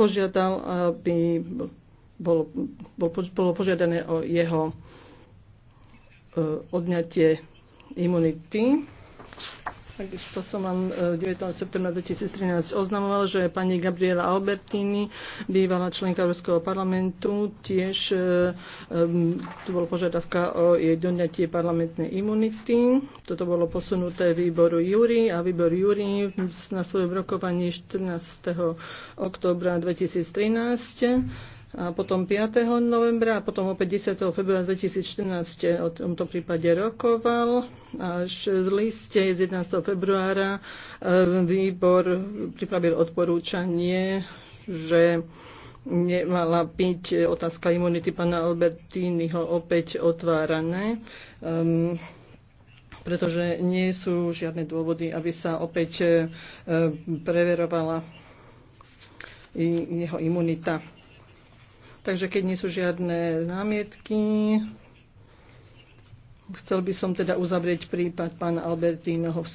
požiadal, aby bolo, bolo, bolo požiadané o jeho e, odňatie imunity. Takisto som vám 9. E, septembra 2013 oznamoval, že pani Gabriela Albertini, bývalá členka Európskeho parlamentu, tiež e, tu bola požiadavka o jej doňatie parlamentnej imunity. Toto bolo posunuté výboru Júri a výbor Júri na svojom rokovaní 14. oktobra 2013 a potom 5. novembra a potom opäť 10. februára 2014 o tomto prípade rokoval. Až v liste z 11. februára e, výbor pripravil odporúčanie, že nemala byť otázka imunity pána Albertínyho opäť otvárané, um, pretože nie sú žiadne dôvody, aby sa opäť um, preverovala jeho imunita. Takže keď nie sú žiadne námietky, chcel by som teda uzavrieť prípad pána Albertínoho v